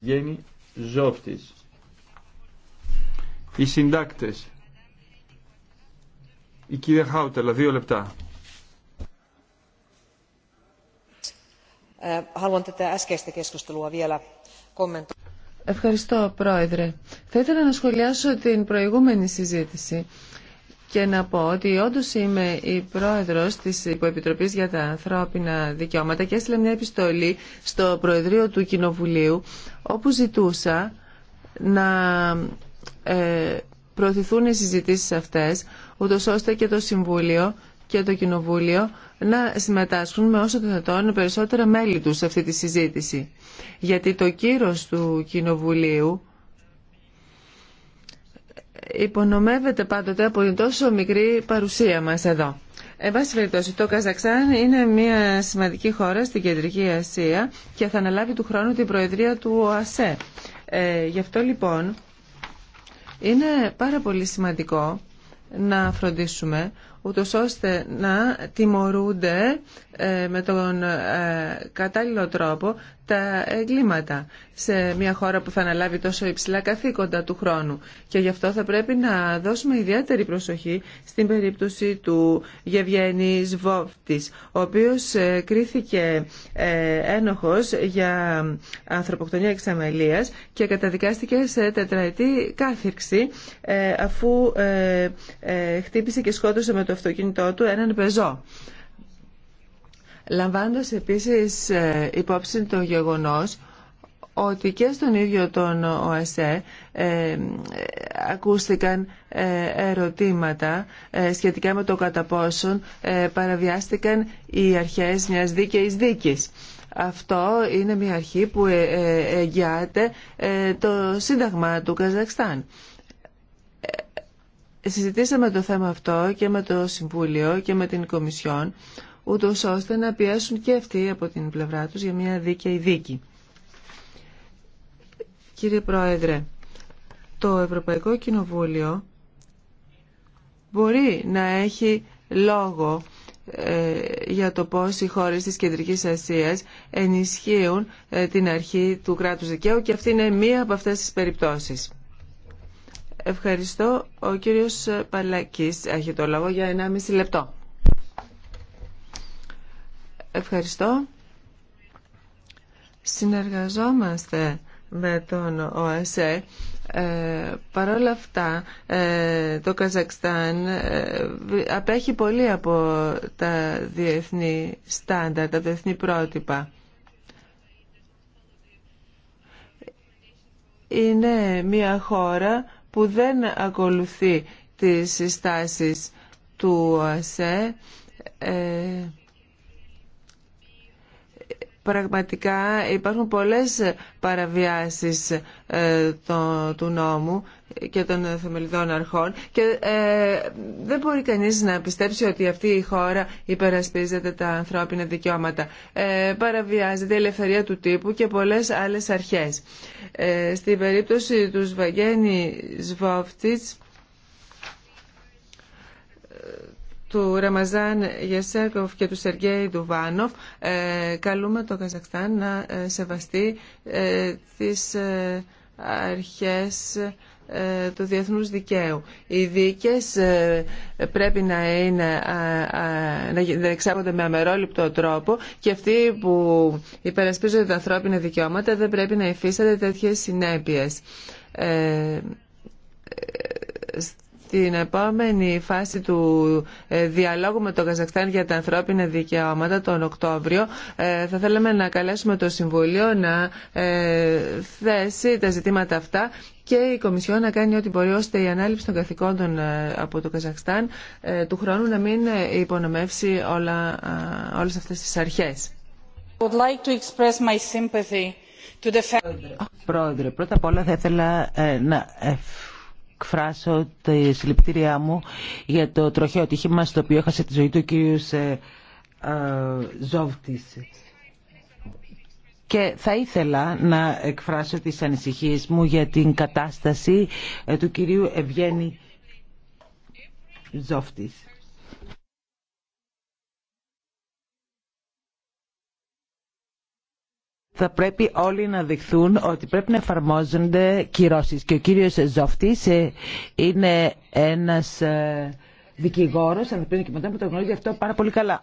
Γέννη ζώφτης. Οι συντάκτες. Η κυρία Χάουτελα, δύο λεπτά. Ε, Ευχαριστώ, Πρόεδρε. Θα ήθελα να σχολιάσω την προηγούμενη συζήτηση και να πω ότι όντω είμαι η πρόεδρο τη Υποεπιτροπή για τα Ανθρώπινα Δικαιώματα και έστειλα μια επιστολή στο Προεδρείο του Κοινοβουλίου όπου ζητούσα να ε, προωθηθούν οι συζητήσεις αυτές ούτως ώστε και το Συμβούλιο και το Κοινοβούλιο να συμμετάσχουν με όσο το δυνατόν περισσότερα μέλη τους σε αυτή τη συζήτηση. Γιατί το κύρος του Κοινοβουλίου υπονομεύεται πάντοτε από την τόσο μικρή παρουσία μας εδώ. Εν πάση περιπτώσει, το Καζακστάν είναι μια σημαντική χώρα στην Κεντρική Ασία και θα αναλάβει του χρόνου την Προεδρία του ΟΑΣΕ. Ε, γι' αυτό λοιπόν είναι πάρα πολύ σημαντικό να φροντίσουμε ούτως ώστε να τιμωρούνται ε, με τον ε, κατάλληλο τρόπο τα εγκλήματα σε μια χώρα που θα αναλάβει τόσο υψηλά καθήκοντα του χρόνου. Και γι' αυτό θα πρέπει να δώσουμε ιδιαίτερη προσοχή στην περίπτωση του Γευγένη Βόφτης, ο οποίος ε, κρίθηκε ένοχος για ανθρωποκτονία εξαμελίας και καταδικάστηκε σε τετραετή κάθυρξη αφού χτύπησε και σκότωσε με το αυτοκίνητό του έναν πεζό. Λαμβάνοντας επίσης ε, υπόψη το γεγονός ότι και στον ίδιο τον ΟΑΣΕ ε, ακούστηκαν ε, ερωτήματα σχετικά με το κατά πόσον παραβιάστηκαν οι αρχές μιας δίκαιης δίκης. Αυτό είναι μια αρχή που εγγυάται το Σύνταγμα του Καζακστάν συζητήσαμε το θέμα αυτό και με το Συμβούλιο και με την Κομισιόν, ούτω ώστε να πιέσουν και αυτοί από την πλευρά τους για μια δίκαιη δίκη. Κύριε Πρόεδρε, το Ευρωπαϊκό Κοινοβούλιο μπορεί να έχει λόγο ε, για το πώς οι χώρες της Κεντρικής Ασίας ενισχύουν ε, την αρχή του κράτους δικαίου και αυτή είναι μία από αυτές τις περιπτώσεις. Ευχαριστώ. Ο κύριος Παλακής έχει το λόγο για 1,5 λεπτό. Ευχαριστώ. Συνεργαζόμαστε με τον ΟΑΣΕ. Ε, Παρ' αυτά, ε, το Καζακστάν ε, απέχει πολύ από τα διεθνή στάνταρ, τα διεθνή πρότυπα. Είναι μια χώρα που δεν ακολουθεί τις συστάσεις του ΑΣΕ. Ε, Πραγματικά υπάρχουν πολλές παραβιάσεις ε, του νόμου και των θεμελιδών αρχών και ε, δεν μπορεί κανείς να πιστέψει ότι αυτή η χώρα υπερασπίζεται τα ανθρώπινα δικαιώματα. Ε, παραβιάζεται η ελευθερία του τύπου και πολλές άλλες αρχές. Στην περίπτωση του Σβαγένη Σβόφτιτς του Ραμαζάν Γεσέρκοφ και του Σεργέη Ντουβάνοφ ε, καλούμε το Καζακστάν να ε, σεβαστεί ε, τις αρχές του διεθνούς δικαίου. Οι δίκες πρέπει να, είναι, να με αμερόληπτο τρόπο και αυτοί που υπερασπίζονται τα ανθρώπινα δικαιώματα δεν πρέπει να υφίσταται τέτοιες συνέπειες στην επόμενη φάση του ε, διαλόγου με το Καζακστάν για τα ανθρώπινα δικαιώματα τον Οκτώβριο ε, θα θέλαμε να καλέσουμε το Συμβουλίο να ε, θέσει τα ζητήματα αυτά και η Κομισιόν να κάνει ό,τι μπορεί ώστε η ανάληψη των καθηκόντων από το Καζακστάν του χρόνου να μην υπονομεύσει όλα, όλες αυτές τις αρχές. Would like to express my sympathy to the... Πρόεδρε, πρώτα απ' όλα θα ήθελα να εκφράσω τη συλληπιτήριά μου για το τροχαίο ατυχήμα στο οποίο έχασε τη ζωή του κύριου ε, ε, Ζόβτης. Και θα ήθελα να εκφράσω τις ανησυχίες μου για την κατάσταση ε, του κυρίου Ευγένη Ζόφτης. θα πρέπει όλοι να δειχθούν ότι πρέπει να εφαρμόζονται κυρώσεις. Και ο κύριος Ζόφτης ε, είναι ένας ε, δικηγόρος, αν και μετά που το γνωρίζει αυτό πάρα πολύ καλά.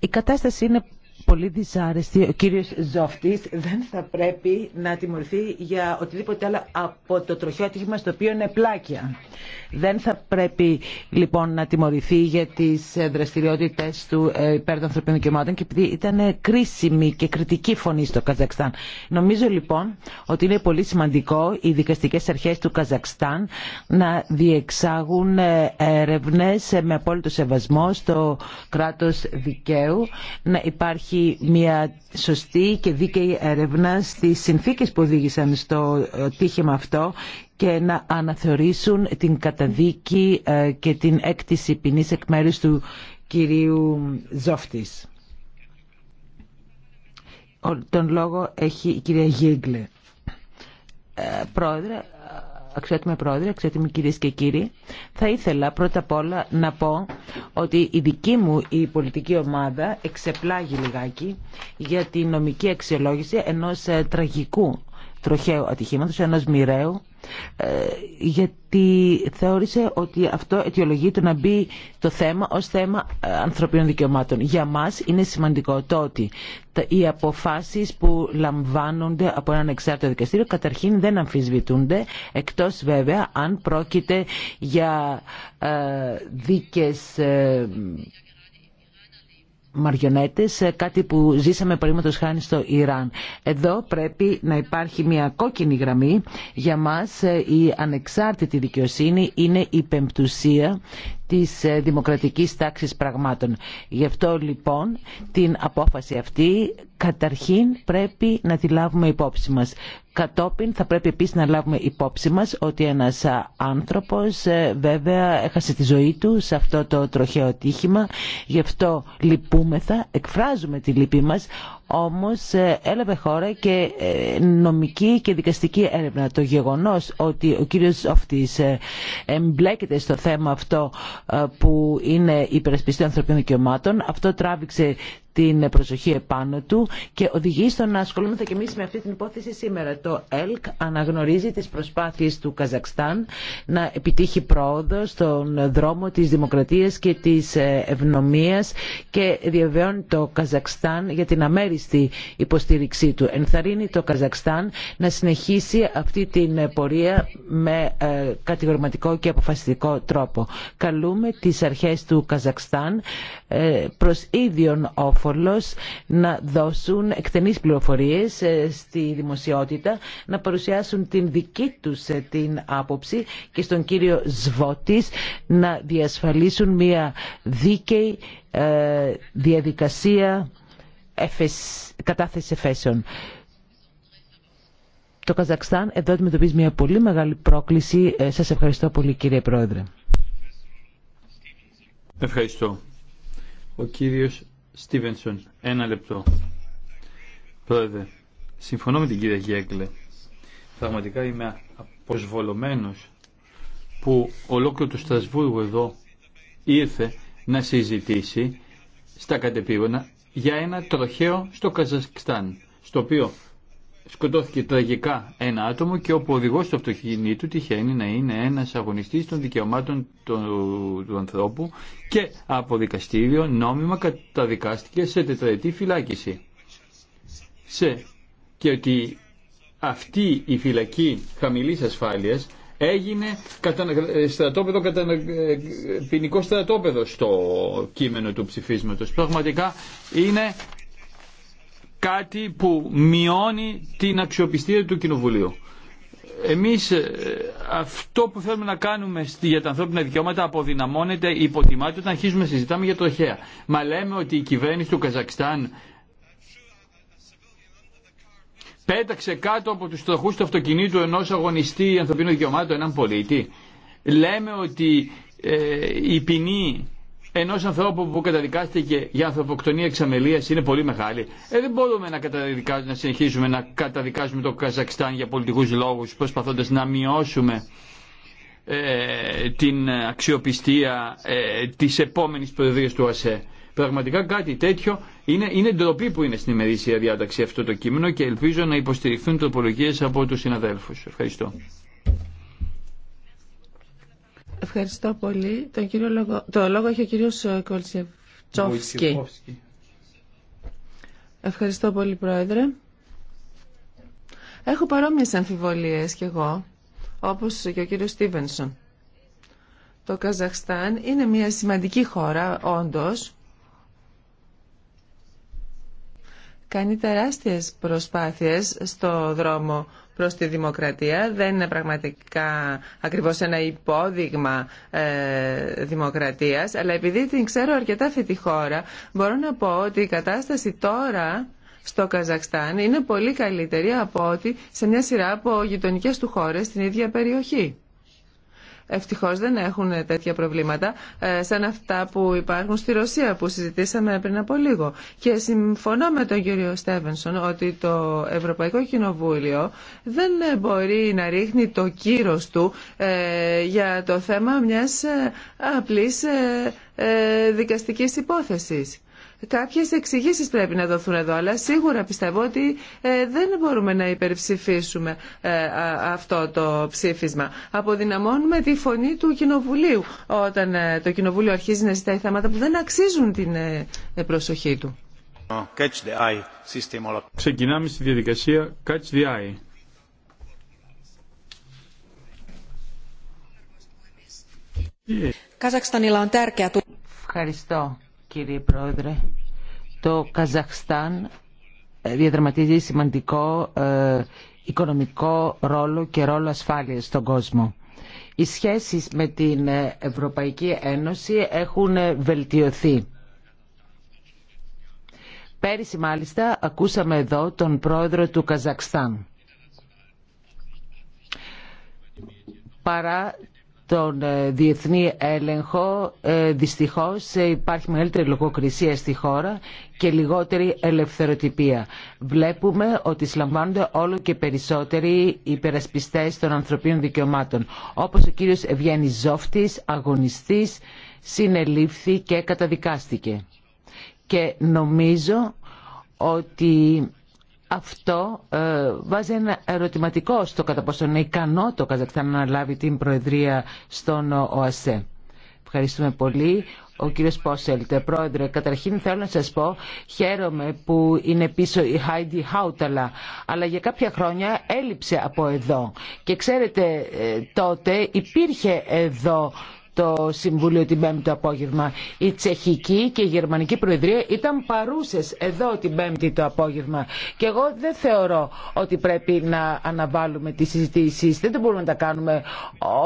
Η κατάσταση είναι πολύ δυσάρεστη. Ο κύριος Ζόφτης δεν θα πρέπει να τιμωρηθεί για οτιδήποτε άλλο από το τροχιό ατύχημα στο οποίο είναι πλάκια. Δεν θα πρέπει λοιπόν να τιμωρηθεί για τις δραστηριότητες του ε, υπέρ των ανθρωπίνων δικαιωμάτων και επειδή ήταν κρίσιμη και κριτική φωνή στο Καζακστάν. Νομίζω λοιπόν ότι είναι πολύ σημαντικό οι δικαστικές αρχές του Καζακστάν να διεξάγουν ε, έρευνες με απόλυτο σεβασμό στο κράτος δικαίου, να υπάρχει υπάρχει μια σωστή και δίκαιη έρευνα στις συνθήκες που οδήγησαν στο ε, τύχημα αυτό και να αναθεωρήσουν την καταδίκη ε, και την έκτηση ποινής εκ μέρους του κυρίου Ζόφτης. Τον λόγο έχει η κυρία Γίγκλε. Ε, πρόεδρε, αξιότιμε Πρόεδρε, αξιότιμοι κυρίε και κύριοι, θα ήθελα πρώτα απ' όλα να πω ότι η δική μου η πολιτική ομάδα εξεπλάγει λιγάκι για τη νομική αξιολόγηση ενός ε, τραγικού τροχαίου ατυχήματος, ένας μοιραίου, ε, γιατί θεώρησε ότι αυτό αιτιολογεί το να μπει το θέμα ως θέμα ε, ανθρωπίνων δικαιωμάτων. Για μας είναι σημαντικό το ότι οι αποφάσεις που λαμβάνονται από έναν εξάρτητο δικαστήριο καταρχήν δεν αμφισβητούνται, εκτός βέβαια αν πρόκειται για ε, δίκες μαριονέτες, ε, κάτι που ζήσαμε παραδείγματος χάνη, στο Ιράν. Εδώ πρέπει να υπάρχει μια κόκκινη γραμμή. Για μας ε, η ανεξάρτητη δικαιοσύνη είναι η πεμπτουσία της ε, δημοκρατικής τάξης πραγμάτων. Γι' αυτό λοιπόν την απόφαση αυτή καταρχήν πρέπει να τη λάβουμε υπόψη μας. Κατόπιν θα πρέπει επίσης να λάβουμε υπόψη μας ότι ένας άνθρωπος ε, βέβαια έχασε τη ζωή του σε αυτό το τροχαίο τύχημα. Γι' αυτό λυπούμεθα, εκφράζουμε τη λύπη μας, όμως ε, έλαβε χώρα και νομική και δικαστική έρευνα. Το γεγονός ότι ο κύριος Οφτής εμπλέκεται στο θέμα αυτό ε, που είναι υπερασπιστή ανθρωπίνων δικαιωμάτων. Αυτό τράβηξε την προσοχή επάνω του και οδηγεί στο να ασχολούμαστε και εμείς με αυτή την υπόθεση σήμερα. Το ΕΛΚ αναγνωρίζει τις προσπάθειες του Καζακστάν να επιτύχει πρόοδο στον δρόμο της δημοκρατίας και της ε, ευνομίας και διαβεβαιώνει το Καζακστάν για την αμέριστη υποστήριξή του. Ενθαρρύνει το Καζακστάν να συνεχίσει αυτή την πορεία με ε, κατηγορηματικό και αποφασιστικό τρόπο. Καλούμε τις αρχές του Καζακστάν ε, προς ίδιον να δώσουν εκτενείς πληροφορίες ε, στη δημοσιότητα, να παρουσιάσουν την δική τους ε, την άποψη και στον κύριο Σβώτης να διασφαλίσουν μια δίκαιη ε, διαδικασία κατάθεση εφέσεων. Το Καζακστάν εδώ αντιμετωπίζει μια πολύ μεγάλη πρόκληση. Σας ευχαριστώ πολύ κύριε Πρόεδρε. Ευχαριστώ. Ο κύριος Στίβενσον, ένα λεπτό. Πρόεδρε, συμφωνώ με την κυρία Γέγκλε. Πραγματικά είμαι αποσβολωμένος που ολόκληρο το Στρασβούργο εδώ ήρθε να συζητήσει στα κατεπίγωνα για ένα τροχαίο στο Καζακστάν, στο οποίο σκοτώθηκε τραγικά ένα άτομο και ο οδηγό του αυτοκινήτου τυχαίνει να είναι ένα αγωνιστή των δικαιωμάτων του, του ανθρώπου και από δικαστήριο νόμιμα καταδικάστηκε σε τετραετή φυλάκιση. Σε και ότι αυτή η φυλακή χαμηλής ασφάλειας έγινε κατα... στρατόπεδο κατα... ποινικό στρατόπεδο στο κείμενο του ψηφίσματος. Πραγματικά είναι κάτι που μειώνει την αξιοπιστία του Κοινοβουλίου. Εμείς ε, αυτό που θέλουμε να κάνουμε για τα ανθρώπινα δικαιώματα αποδυναμώνεται, υποτιμάται όταν αρχίζουμε να συζητάμε για το Μα λέμε ότι η κυβέρνηση του Καζακστάν πέταξε κάτω από τους τροχούς του αυτοκινήτου ενός αγωνιστή ανθρωπίνων δικαιωμάτων, έναν πολίτη. Λέμε ότι ε, η ποινή Ενό ανθρώπου που καταδικάστηκε για ανθρωποκτονία εξαμελία είναι πολύ μεγάλη. Ε, δεν μπορούμε να, συνεχίζουμε να καταδικάζουμε το Καζακστάν για πολιτικού λόγου, προσπαθώντα να μειώσουμε ε, την αξιοπιστία ε, της επόμενης προεδρίας του ΑΣΕ. Πραγματικά κάτι τέτοιο είναι, είναι ντροπή που είναι στην ημερήσια διάταξη αυτό το κείμενο και ελπίζω να υποστηριχθούν τροπολογίε από του συναδέλφου. Ευχαριστώ. Ευχαριστώ πολύ. Το, κύριο λόγο, το λόγο έχει ο κύριο ε, Κολτσεφτσόφσκι. Ευχαριστώ πολύ, Πρόεδρε. Έχω παρόμοιες αμφιβολίες κι εγώ, όπως και ο κύριος Στίβενσον. Το Καζαχστάν είναι μια σημαντική χώρα, όντως. Κάνει τεράστιες προσπάθειες στο δρόμο προς τη δημοκρατία. Δεν είναι πραγματικά ακριβώς ένα υπόδειγμα ε, δημοκρατίας, αλλά επειδή την ξέρω αρκετά αυτή τη χώρα, μπορώ να πω ότι η κατάσταση τώρα στο Καζακστάν είναι πολύ καλύτερη από ότι σε μια σειρά από γειτονικέ του χώρες στην ίδια περιοχή. Ευτυχώ δεν έχουν τέτοια προβλήματα ε, σαν αυτά που υπάρχουν στη Ρωσία που συζητήσαμε πριν από λίγο. Και συμφωνώ με τον κύριο Στέβενσον ότι το Ευρωπαϊκό Κοινοβούλιο δεν μπορεί να ρίχνει το κύρος του ε, για το θέμα μιας ε, απλής δικαστικής υπόθεσης. Κάποιες εξηγήσεις πρέπει να δοθούν εδώ, αλλά σίγουρα πιστεύω ότι ε, δεν μπορούμε να υπερψηφίσουμε ε, αυτό το ψήφισμα. Αποδυναμώνουμε τη φωνή του Κοινοβουλίου όταν ε, το Κοινοβούλιο αρχίζει να ζητάει θέματα που δεν αξίζουν την προσοχή του. Oh, catch the eye. Ξεκινάμε στη διαδικασία Catch the Eye. Ευχαριστώ κύριε Πρόεδρε. Το Καζαχστάν ε, διαδραματίζει σημαντικό ε, οικονομικό ρόλο και ρόλο ασφάλειας στον κόσμο. Οι σχέσεις με την Ευρωπαϊκή Ένωση έχουν ε, βελτιωθεί. Πέρυσι μάλιστα ακούσαμε εδώ τον πρόεδρο του Καζακστάν. Παρά τον ε, διεθνή έλεγχο ε, δυστυχώς ε, υπάρχει μεγαλύτερη λογοκρισία στη χώρα και λιγότερη ελευθεροτυπία. Βλέπουμε ότι συλλαμβάνονται όλο και περισσότεροι υπερασπιστές των ανθρωπίνων δικαιωμάτων όπως ο κύριος Ευγέννη Ζόφτης, αγωνιστής, συνελήφθη και καταδικάστηκε. Και νομίζω ότι αυτό ε, βάζει ένα ερωτηματικό στο κατά πόσο είναι ικανό το Καζακστάν να λάβει την Προεδρία στον ΟΑΣΕ. Ευχαριστούμε πολύ. Ο κύριος Πόσελτε, πρόεδρε, καταρχήν θέλω να σας πω χαίρομαι που είναι πίσω η Χάιντι Χάουταλα, αλλά για κάποια χρόνια έλειψε από εδώ. Και ξέρετε ε, τότε υπήρχε εδώ το Συμβούλιο την Πέμπτη το απόγευμα. Η Τσεχική και η Γερμανική Προεδρία ήταν παρούσες εδώ την Πέμπτη το απόγευμα. Και εγώ δεν θεωρώ ότι πρέπει να αναβάλουμε τις συζητήσεις. Δεν μπορούμε να τα κάνουμε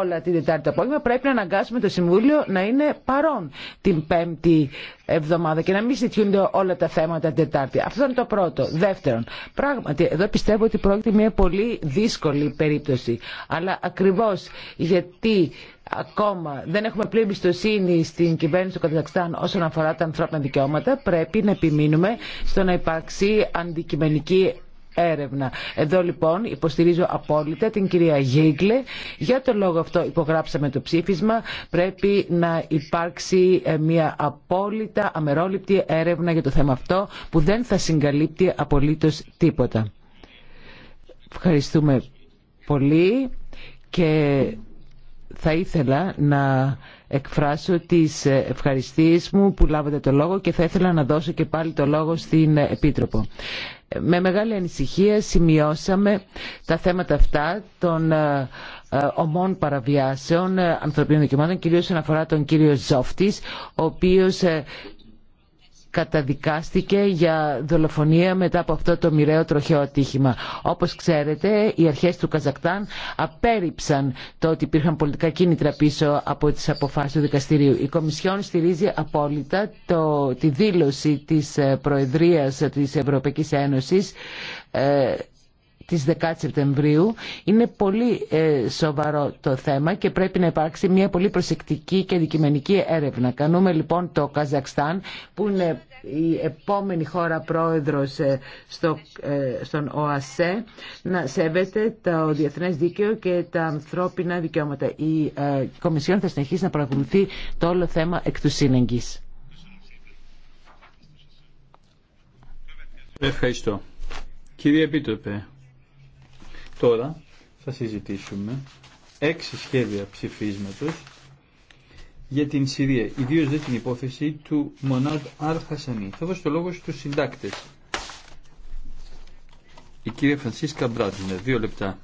όλα την Τετάρτη το απόγευμα. Πρέπει να αναγκάσουμε το Συμβούλιο να είναι παρόν την Πέμπτη εβδομάδα και να μην συζητιούνται όλα τα θέματα την Τετάρτη. Αυτό είναι το πρώτο. Δεύτερον, πράγματι, εδώ πιστεύω ότι πρόκειται μια πολύ δύσκολη περίπτωση. Αλλά ακριβώ γιατί ακόμα δεν έχουμε πλήρη εμπιστοσύνη στην κυβέρνηση του Καζακστάν όσον αφορά τα ανθρώπινα δικαιώματα, πρέπει να επιμείνουμε στο να υπάρξει αντικειμενική έρευνα. Εδώ λοιπόν υποστηρίζω απόλυτα την κυρία Γίγκλε. Για τον λόγο αυτό υπογράψαμε το ψήφισμα. Πρέπει να υπάρξει ε, μια απόλυτα αμερόληπτη έρευνα για το θέμα αυτό που δεν θα συγκαλύπτει απολύτως τίποτα. Ευχαριστούμε πολύ και θα ήθελα να εκφράσω τις ευχαριστίες μου που λάβατε το λόγο και θα ήθελα να δώσω και πάλι το λόγο στην Επίτροπο. Με μεγάλη ανησυχία σημειώσαμε τα θέματα αυτά των ε, ε, ομών παραβιάσεων ε, ανθρωπίνων δικαιωμάτων, κυρίως όσον αφορά τον κύριο Ζόφτης, ο οποίος καταδικάστηκε για δολοφονία μετά από αυτό το μοιραίο τροχαίο ατύχημα. Όπως ξέρετε, οι αρχές του Καζακτάν απέρριψαν το ότι υπήρχαν πολιτικά κίνητρα πίσω από τις αποφάσεις του δικαστηρίου. Η Κομισιόν στηρίζει απόλυτα το, τη δήλωση της ε, Προεδρίας της Ευρωπαϊκής Ένωσης ε, της 10 Σεπτεμβρίου. Είναι πολύ ε, σοβαρό το θέμα και πρέπει να υπάρξει μια πολύ προσεκτική και δικημενική έρευνα. Κανούμε λοιπόν το Καζακστάν που είναι η επόμενη χώρα πρόεδρος ε, στο, ε, στον ΟΑΣΕ να σέβεται το διεθνές δίκαιο και τα ανθρώπινα δικαιώματα. Η ε, Κομισιόν θα συνεχίσει να παρακολουθεί το όλο θέμα εκ του σύνεγγης. Ευχαριστώ. Κύριε Επίτροπε, Τώρα θα συζητήσουμε έξι σχέδια ψηφίσματος για την Συρία, ιδίως δε την υπόθεση του μοναδ Αρχασανή. Θα δώσω το λόγο στους συντάκτες. Η κυρία Φρανσίσκα Μπράτνερ, δύο λεπτά.